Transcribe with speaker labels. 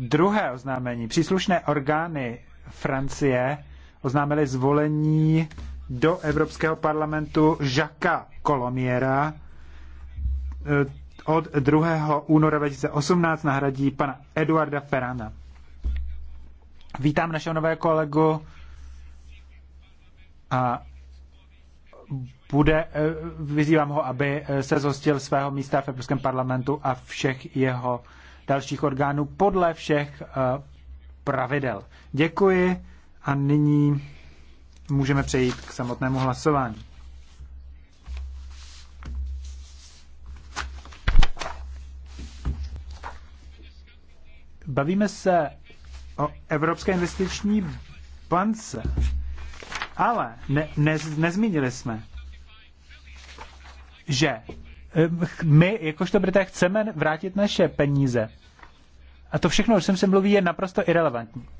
Speaker 1: Druhé oznámení. Příslušné orgány Francie oznámili zvolení do Evropského parlamentu Jacquesa Kolomiera e, od 2. února 2018 nahradí pana Eduarda Ferrana. Vítám našeho nového kolegu a bude, e, vyzývám ho, aby e, se zhostil svého místa v Evropském parlamentu a všech jeho dalších orgánů podle všech eh, pravidel. Děkuji a nyní můžeme přejít k samotnému hlasování. Bavíme se o Evropské investiční bance, ale ne, ne, nezmínili jsme, že my, jakožto Brité, chceme vrátit naše peníze. A to všechno, o čem se mluví, je naprosto irrelevantní.